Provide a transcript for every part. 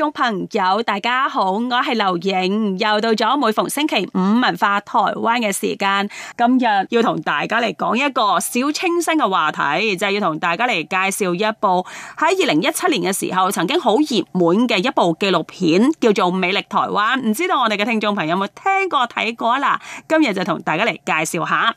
聽眾朋友，大家好，我係劉瑩，又到咗每逢星期五文化台灣嘅時間，今日要同大家嚟講一個小清新嘅話題，就係要同大家嚟介紹一部喺二零一七年嘅時候曾經好熱門嘅一部紀錄片，叫做《美力台灣》，唔知道我哋嘅聽眾朋友有冇聽過睇過啦？今日就同大家嚟介紹下。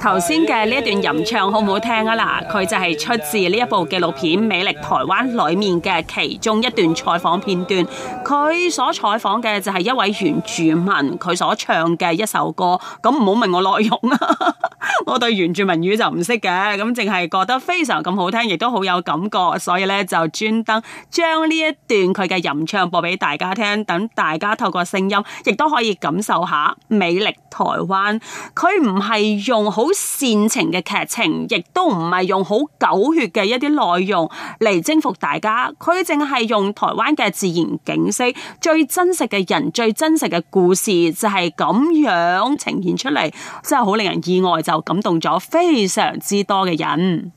頭先嘅呢一段吟唱好唔好聽啊？嗱，佢就係出自呢一部紀錄片《美力台灣》裏面嘅其中一段採訪片段。佢所採訪嘅就係一位原住民，佢所唱嘅一首歌。咁唔好問我內容啊， 我對原住民語就唔識嘅。咁淨係覺得非常咁好聽，亦都好有感覺。所以咧，就專登將呢一段佢嘅吟唱播俾大家聽，等大家透過聲音，亦都可以感受下《美力台灣》。佢唔係用好。好煽情嘅劇情，亦都唔係用好狗血嘅一啲內容嚟征服大家。佢淨係用台灣嘅自然景色、最真實嘅人、最真實嘅故事，就係咁樣呈現出嚟，真係好令人意外，就感動咗非常之多嘅人。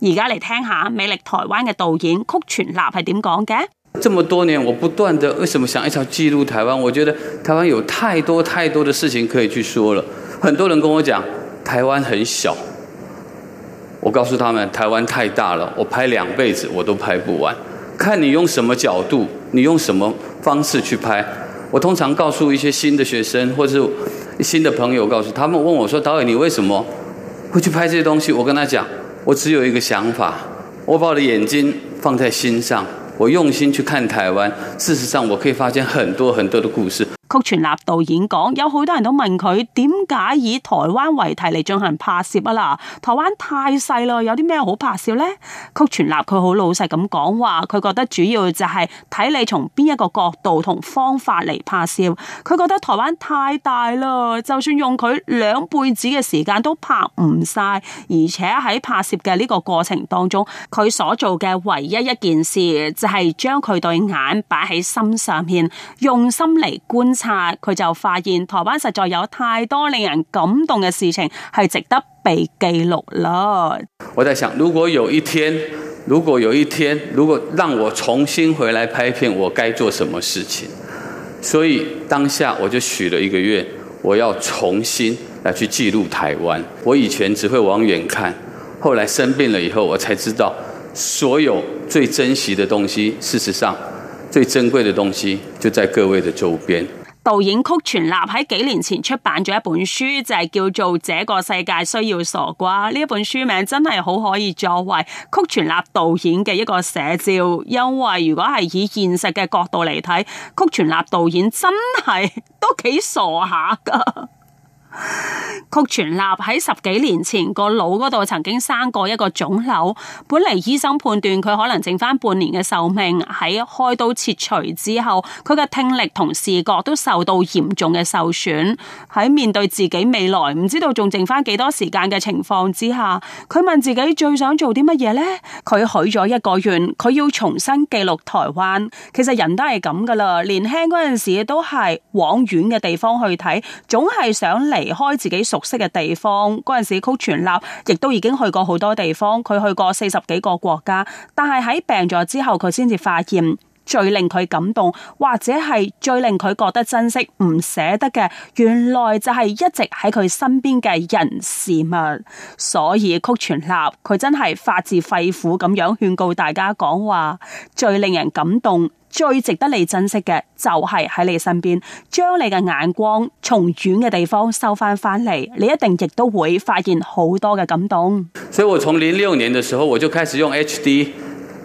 而家嚟聽下《美麗台灣》嘅導演曲全立係點講嘅？這麼多年，我不斷的為什麼想一朝記錄台灣？我覺得台灣有太多太多的事情可以去說了。很多人跟我講。台灣很小，我告訴他們台灣太大了，我拍兩輩子我都拍不完。看你用什麼角度，你用什麼方式去拍。我通常告訴一些新的學生，或者是新的朋友，告訴他們問我說：‘導演，你為什麼會去拍這些東西？’我跟他講，我只有一個想法，我把我的眼睛放在心上，我用心去看台灣。事實上，我可以發現很多很多的故事。曲全立導演講有好多人都問佢點解以台灣為題嚟進行拍攝啊？嗱，台灣太細啦，有啲咩好拍攝咧？曲全立佢好老實咁講，話佢覺得主要就係睇你從邊一個角度同方法嚟拍攝，佢覺得台灣太大啦，就算用佢兩輩子嘅時間都拍唔晒，而且喺拍攝嘅呢個過程當中，佢所做嘅唯一一件事就係將佢對眼擺喺心上面，用心嚟觀。查，佢就發現台灣實在有太多令人感動嘅事情，係值得被記錄啦。我在想，如果有一天，如果有一天，如果讓我重新回來拍片，我該做什麼事情？所以當下我就許了一個願，我要重新嚟去記錄台灣。我以前只會往遠看，後來生病了以後，我才知道所有最珍惜的東西，事實上最珍貴的東西，就在各位的周邊。導演曲全立喺幾年前出版咗一本書，就係叫做《這個世界需要傻瓜》，呢一本書名真係好可以作為曲全立導演嘅一個寫照，因為如果係以現實嘅角度嚟睇，曲全立導演真係都幾傻下噶。曲全立喺十幾年前個腦嗰度曾經生過一個腫瘤，本嚟醫生判斷佢可能剩翻半年嘅壽命。喺開刀切除之後，佢嘅聽力同視覺都受到嚴重嘅受損。喺面對自己未來唔知道仲剩翻幾多時間嘅情況之下，佢問自己最想做啲乜嘢呢？佢許咗一個願，佢要重新記錄台灣。其實人都係咁噶啦，年輕嗰陣時都係往遠嘅地方去睇，總係想嚟，離開自己熟悉嘅地方，嗰陣時曲全立亦都已經去過好多地方，佢去過四十幾個國家，但係喺病咗之後，佢先至發現最令佢感動或者係最令佢覺得珍惜唔捨得嘅，原來就係一直喺佢身邊嘅人事物。所以曲全立佢真係發自肺腑咁樣勸告大家講話，最令人感動，最值得你珍惜嘅，就係喺你身邊，將你嘅眼光從遠嘅地方收翻翻嚟，你一定亦都會發現好多嘅感動。所以我從零六年嘅時候，我就開始用 H D，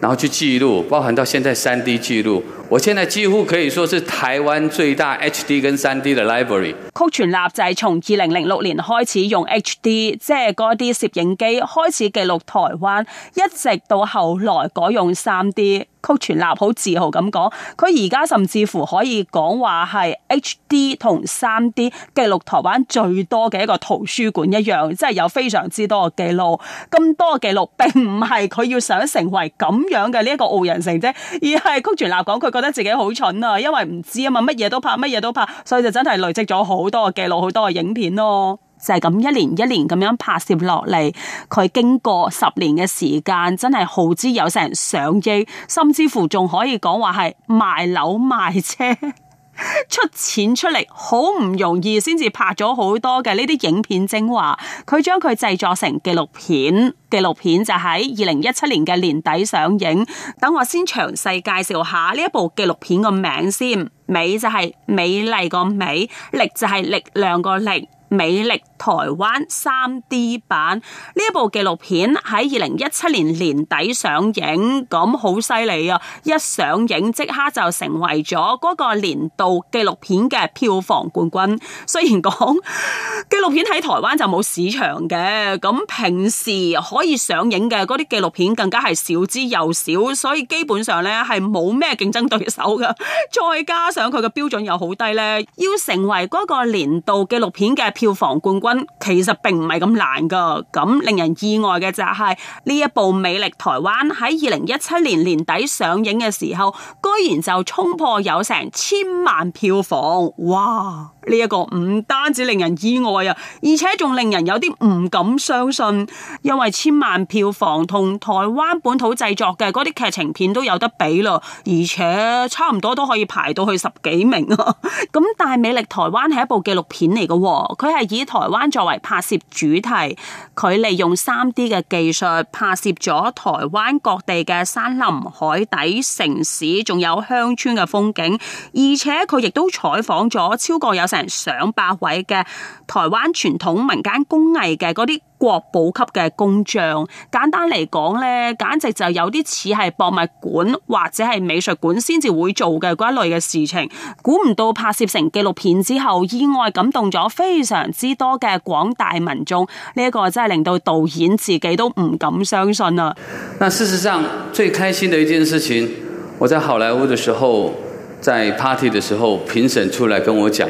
然後去記錄，包含到現在三 D 記錄。我現在幾乎可以說是台灣最大 HD 跟 3D 的 library。曲全立就係從2006年開始用 HD，即係啲攝影機開始記錄台灣，一直到後來改用 3D。曲全立好自豪咁講，佢而家甚至乎可以講話係 HD 同 3D 記錄台灣最多嘅一個圖書館一樣，即係有非常之多嘅記錄。咁多記錄，並唔係佢要想成為咁樣嘅呢一個傲人成績，而係曲全立講佢個。覺得自己好蠢啊，因為唔知啊嘛，乜嘢都拍，乜嘢都拍，所以就真係累積咗好多嘅記錄，好多嘅影片咯。就係咁一年一年咁樣拍攝落嚟，佢經過十年嘅時間，真係耗資有成上億，甚至乎仲可以講話係賣樓賣車。出錢出力，好唔容易先至拍咗好多嘅呢啲影片精華，佢將佢製作成紀錄片。紀錄片就喺二零一七年嘅年底上映。等我先詳細介紹下呢一部紀錄片個名先。美就係美麗個美，力就係力量個力。《美力台灣》三 D 版，呢一部紀錄片喺二零一七年年底上映，咁好犀利啊！一上映即刻就成為咗嗰個年度紀錄片嘅票房冠軍，雖然講紀錄片喺台灣就冇市場嘅，咁平時可以上映嘅嗰啲紀錄片更加係少之又少，所以基本上咧，係冇咩競爭對手噶。再加上佢嘅標準又好低咧，要成為嗰個年度紀錄片嘅。票房冠軍其實並唔係咁難㗎，噉令人意外嘅就係呢一部《美力台灣》喺二零一七年年底上映嘅時候，居然就衝破有成千萬票房，哇！呢一個唔單止令人意外啊，而且仲令人有啲唔敢相信，因為千萬票房同台灣本土製作嘅啲劇情片都有得比咯，而且差唔多都可以排到去十幾名啊。咁 大美力台灣係一部紀錄片嚟嘅，佢係以台灣作為拍攝主題，佢利用三 D 嘅技術拍攝咗台灣各地嘅山林、海底、城市，仲有鄉村嘅風景，而且佢亦都採訪咗超過有成上百位嘅台灣傳統民間工藝嘅嗰啲國寶級嘅工匠，簡單嚟講咧，簡直就有啲似係博物館或者係美術館先至會做嘅嗰一類嘅事情。估唔到拍攝成紀錄片之後，意外感動咗非常之多嘅廣大民眾。呢一個真係令到導演自己都唔敢相信啊。那事實上最開心嘅一件事情，我在好萊塢嘅時候，在 party 嘅時候，評審出來跟我講。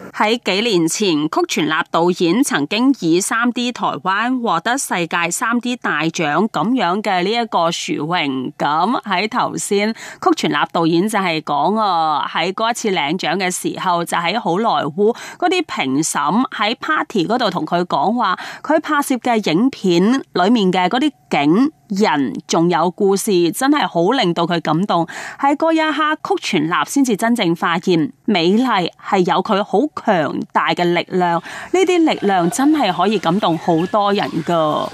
喺幾年前，曲全立導演曾經以三 D 台灣獲得世界三 D 大獎咁樣嘅呢一個殊榮。咁喺頭先，曲全立導演就係講啊，喺嗰一次領獎嘅時候，就喺好萊塢啲評審喺 party 度同佢講話，佢拍攝嘅影片裏面嘅啲。景人仲有故事，真係好令到佢感動。喺嗰一刻，曲全立先至真正發現美麗，係有佢好強大嘅力量。呢啲力量真係可以感動好多人噶。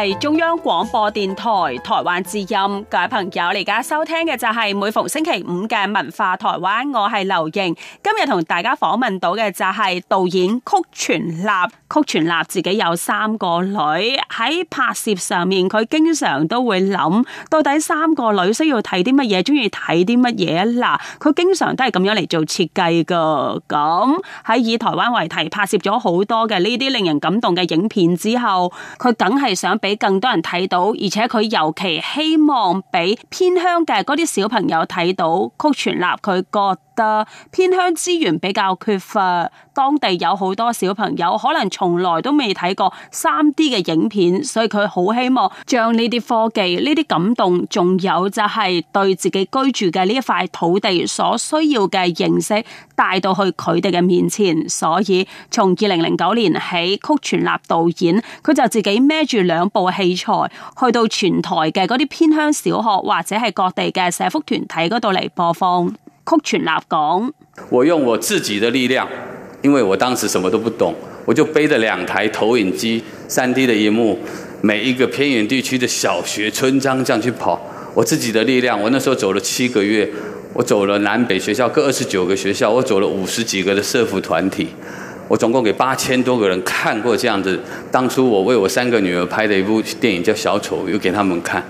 係中央廣播電台台灣之音，各位朋友，你而家收聽嘅就係每逢星期五嘅文化台灣，我係劉瑩。今日同大家訪問到嘅就係導演曲全立。曲全立自己有三個女，喺拍攝上面佢經常都會諗，到底三個女需要睇啲乜嘢，中意睇啲乜嘢啊？嗱，佢經常都係咁樣嚟做設計噶。咁喺以台灣為題拍攝咗好多嘅呢啲令人感動嘅影片之後，佢梗係想俾。俾更多人睇到，而且佢尤其希望俾偏鄉嘅嗰啲小朋友睇到。曲全立佢覺得偏鄉資源比較缺乏，當地有好多小朋友可能從來都未睇過三 D 嘅影片，所以佢好希望將呢啲科技、呢啲感動，仲有就係對自己居住嘅呢一塊土地所需要嘅認識，帶到去佢哋嘅面前。所以從二零零九年起，曲全立導演佢就自己孭住兩部。器材去到全台嘅嗰啲偏鄉小學或者係各地嘅社福團體嗰度嚟播放，曲全立講。我用我自己的力量，因為我當時什麼都不懂，我就背着兩台投影機、三 D 的熒幕，每一個偏遠地區的小學、村莊，這樣去跑。我自己的力量，我那時候走了七個月，我走了南北學校各二十九個學校，我走了五十幾個的社福團體。我總共給八千多個人看過這樣子，當初我為我三個女兒拍的一部電影叫《小丑》，又給他們看，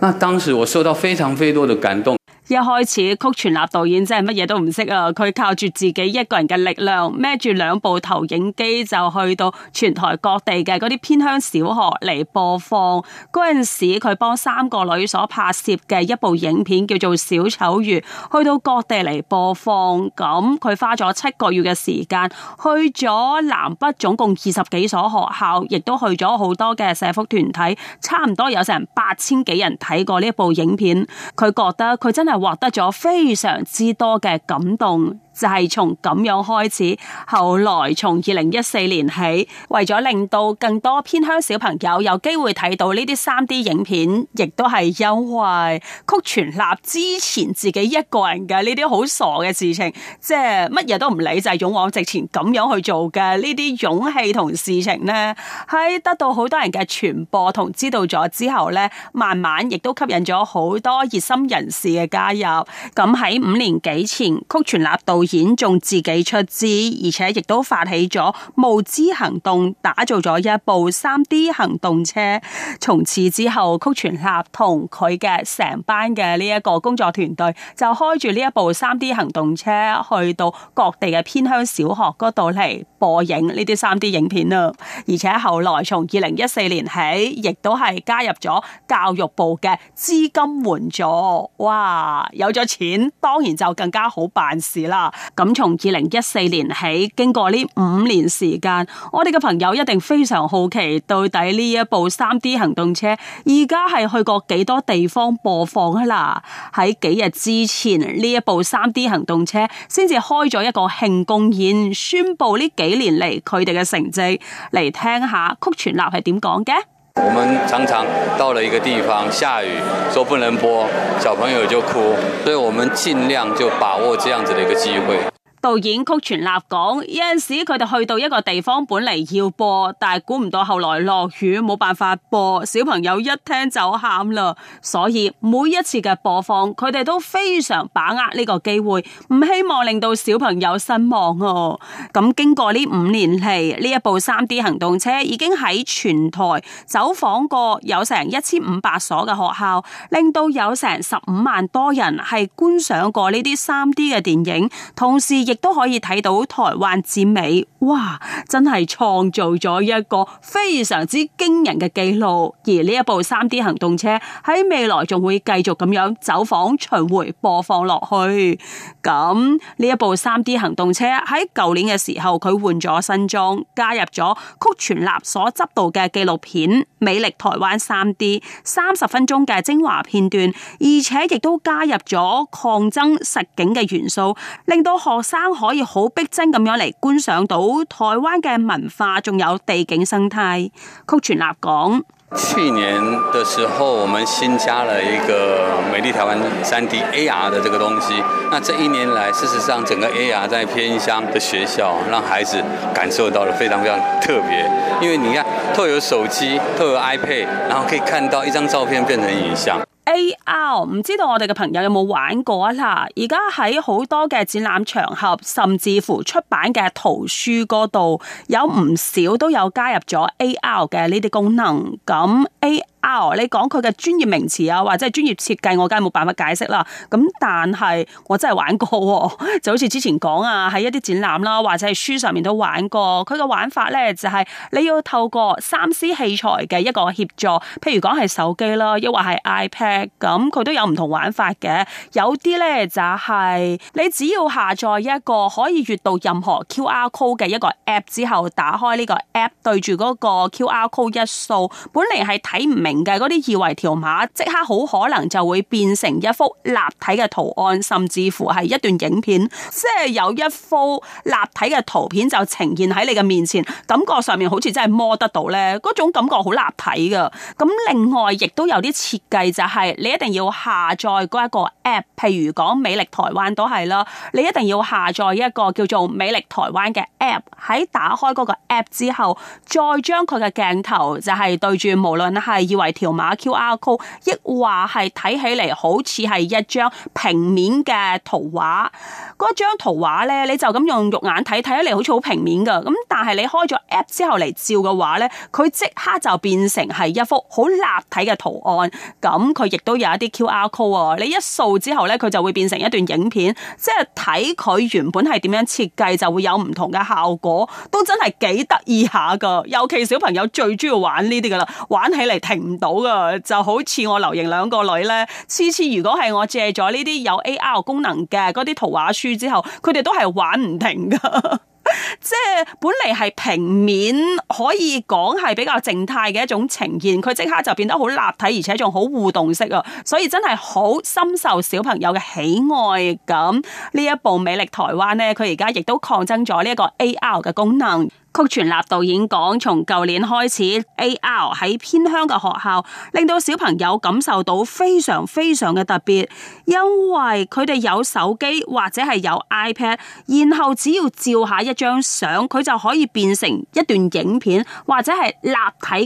那當時我受到非常非常多的感動。一開始，曲全立導演真係乜嘢都唔識啊！佢靠住自己一個人嘅力量，孭住兩部投影機就去到全台各地嘅啲偏鄉小學嚟播放。嗰陣時，佢幫三個女所拍攝嘅一部影片叫做《小丑魚》，去到各地嚟播放。咁佢花咗七個月嘅時間去咗南北總共二十幾所學校，亦都去咗好多嘅社福團體，差唔多有成八千幾人睇過呢一部影片。佢覺得佢真係。獲得咗非常之多嘅感動。就係從咁樣開始，後來從二零一四年起，為咗令到更多偏鄉小朋友有機會睇到呢啲三 D 影片，亦都係因為曲全立之前自己一個人嘅呢啲好傻嘅事情，即係乜嘢都唔理就係勇往直前咁樣去做嘅呢啲勇氣同事情咧，喺得到好多人嘅傳播同知道咗之後咧，慢慢亦都吸引咗好多熱心人士嘅加入。咁喺五年幾前，曲全立導演。片仲自己出資，而且亦都發起咗募資行動，打造咗一部三 D 行動車。從此之後，曲全立同佢嘅成班嘅呢一個工作團隊就開住呢一部三 D 行動車去到各地嘅偏鄉小學嗰度嚟播映呢啲三 D 影片啦。而且後來從二零一四年起，亦都係加入咗教育部嘅資金援助。哇！有咗錢，當然就更加好辦事啦。咁從二零一四年起，經過呢五年時間，我哋嘅朋友一定非常好奇，到底呢一部三 D 行動車而家係去過幾多地方播放㗎啦？喺幾日之前，呢一部三 D 行動車先至開咗一個慶功宴，宣布呢幾年嚟佢哋嘅成績。嚟聽下曲全立係點講嘅。我們常常到了一個地方下雨，說不能播，小朋友就哭，所以我們盡量就把握這樣子的一個機會。導演曲全立講：有陣時佢哋去到一個地方，本嚟要播，但係估唔到後來落雨，冇辦法播。小朋友一聽就喊啦，所以每一次嘅播放，佢哋都非常把握呢個機會，唔希望令到小朋友失望哦。咁經過呢五年嚟，呢一部 3D 行動車已經喺全台走訪過有成一千五百所嘅學校，令到有成十五萬多人係觀賞過呢啲 3D 嘅電影，同時。亦都可以睇到台灣之美，哇！真係創造咗一個非常之驚人嘅紀錄。而呢一部三 D 行動車喺未來仲會繼續咁樣走訪巡迴播放落去。咁呢一部三 D 行動車喺舊年嘅時候，佢換咗新裝，加入咗曲全立所執導嘅紀錄片《美力台灣三 D》三十分鐘嘅精華片段，而且亦都加入咗抗爭實景嘅元素，令到學生，可以好逼真咁樣嚟觀賞到台灣嘅文化，仲有地景生態。曲全立講。去年嘅時候，我們新加了一個美力台灣 3D AR 的這個東西。那這一年來，事實上整個 AR 在偏鄉嘅學校，讓孩子感受到了非常非常特別。因為你看，透過手機，透過 iPad，然後可以看到一張照片變成影像。AR 唔知道我哋嘅朋友有冇玩過啊？嗱，而家喺好多嘅展覽場合，甚至乎出版嘅圖書度，有唔少都有加入咗 AR 嘅呢啲功能。咁 A 哦、啊，你講佢嘅專業名詞啊，或者係專業設計，我梗係冇辦法解釋啦。咁但係我真係玩過喎、哦，就好似之前講啊，喺、就是、一啲展覽啦，或者係書上面都玩過，佢嘅玩法咧就係你要透過三 C 器材嘅一個協助，譬如講係手機啦，抑或係 iPad，咁佢都有唔同玩法嘅。有啲咧就係、是、你只要下載一個可以閱讀任何 QR code 嘅一個 app 之後，打開呢個 app 對住個 QR code 一掃，本嚟係睇唔明。嘅啲二維條碼即刻好可能就會變成一幅立體嘅圖案，甚至乎係一段影片，即係有一幅立體嘅圖片就呈現喺你嘅面前，感覺上面好似真係摸得到咧，嗰種感覺好立體嘅，咁另外亦都有啲設計就係、是、你一定要下載嗰一個 app，譬如講美力台灣都係啦，你一定要下載一個叫做美力台灣嘅 app，喺打開個 app 之後再將佢嘅鏡頭就係對住，無論係要。為條碼 QR code，亦話係睇起嚟好似係一張平面嘅圖畫。嗰張圖畫咧，你就咁用肉眼睇，睇起嚟，好似好平面噶。咁但係你開咗 app 之後嚟照嘅話咧，佢即刻就變成係一幅好立體嘅圖案。咁佢亦都有一啲 QR code，你一掃之後咧，佢就會變成一段影片。即係睇佢原本係點樣設計，就會有唔同嘅效果，都真係幾得意下噶。尤其小朋友最鍾意玩呢啲噶啦，玩起嚟停唔到噶，就好似我留盈兩個女咧，次次如果係我借咗呢啲有 AR 功能嘅嗰啲圖畫書之後，佢哋都係玩唔停噶。 即係本嚟，係平面可以講係比較靜態嘅一種呈現，佢即刻就變得好立體，而且仲好互動式啊！所以真係好深受小朋友嘅喜愛。咁呢一部美麗呢《美力台灣》咧，佢而家亦都擴增咗呢一個 AR 嘅功能。曲全立導演講，從舊年開始，A R 喺偏鄉嘅學校，令到小朋友感受到非常非常嘅特別，因為佢哋有手機或者係有 iPad，然後只要照下一張相，佢就可以變成一段影片或者係立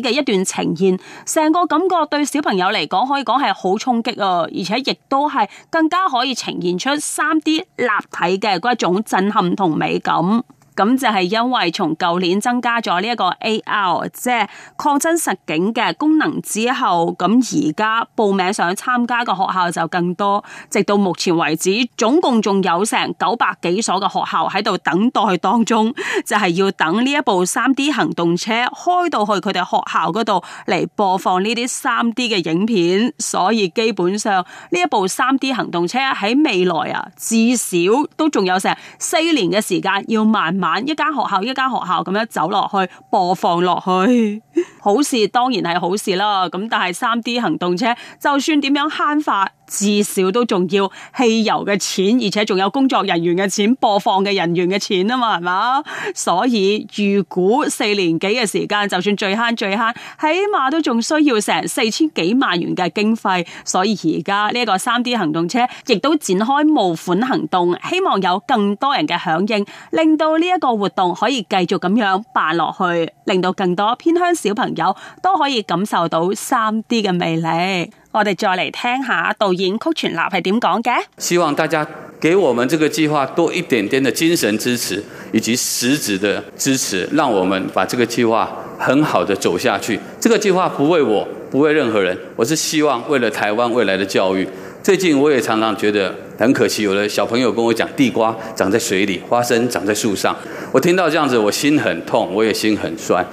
體嘅一段呈現，成個感覺對小朋友嚟講，可以講係好衝擊啊！而且亦都係更加可以呈現出三 D 立體嘅嗰一種震撼同美感。咁就係因為從舊年增加咗呢一個 A.R. 即係擴增實境嘅功能之後，咁而家報名想參加嘅學校就更多。直到目前為止，總共仲有成九百幾所嘅學校喺度等待當中，就係要等呢一部三 D 行動車開到去佢哋學校度嚟播放呢啲三 D 嘅影片。所以基本上呢一部三 D 行動車喺未來啊，至少都仲有成四年嘅時間要慢慢。玩一間學校一間學校咁樣走落去播放落去， 好事當然係好事啦。咁但係 3D 行動車就算點樣慳法。至少都仲要汽油嘅錢，而且仲有工作人員嘅錢、播放嘅人員嘅錢啊嘛，係嘛？所以預估四年幾嘅時間，就算最慳最慳，起碼都仲需要成四千幾萬元嘅經費。所以而家呢個 3D 行動車亦都展開募款行動，希望有更多人嘅響應，令到呢一個活動可以繼續咁樣辦落去，令到更多偏鄉小朋友都可以感受到 3D 嘅魅力。我哋再嚟聽下導演曲全立係點講嘅？希望大家給我們這個計劃多一點點的精神支持，以及實質的支持，讓我們把這個計劃很好地走下去。這個計劃不為我，不為任何人，我是希望為了台灣未來的教育。最近我也常常覺得很可惜，有的小朋友跟我講，地瓜長在水裏，花生長在樹上。我聽到這樣子，我心很痛，我也心很酸。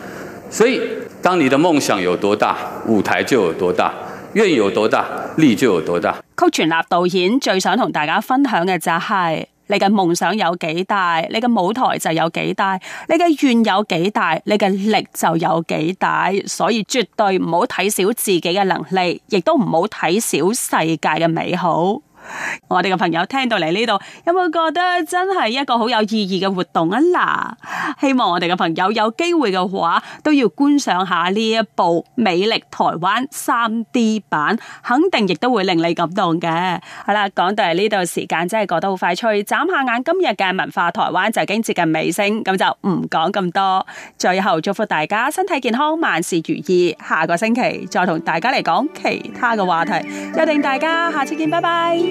所以，當你的夢想有多大，舞台就有多大。願有多大，力就有多大。曲全立導演最想同大家分享嘅就係、是，你嘅夢想有幾大，你嘅舞台就有幾大，你嘅願有幾大，你嘅力就有幾大。所以絕對唔好睇小自己嘅能力，亦都唔好睇小世界嘅美好。我哋嘅朋友聽到嚟呢度，有冇覺得真係一個好有意義嘅活動啊？嗱，希望我哋嘅朋友有機會嘅話，都要觀賞下呢一部《美力台灣》三 D 版，肯定亦都會令你感動嘅。好啦，講到嚟呢度時間真係過得好快脆，眨下眼今日嘅文化台灣就已經接近尾聲，咁就唔講咁多。最後祝福大家身體健康，萬事如意。下個星期再同大家嚟講其他嘅話題，約定大家下次見，拜拜。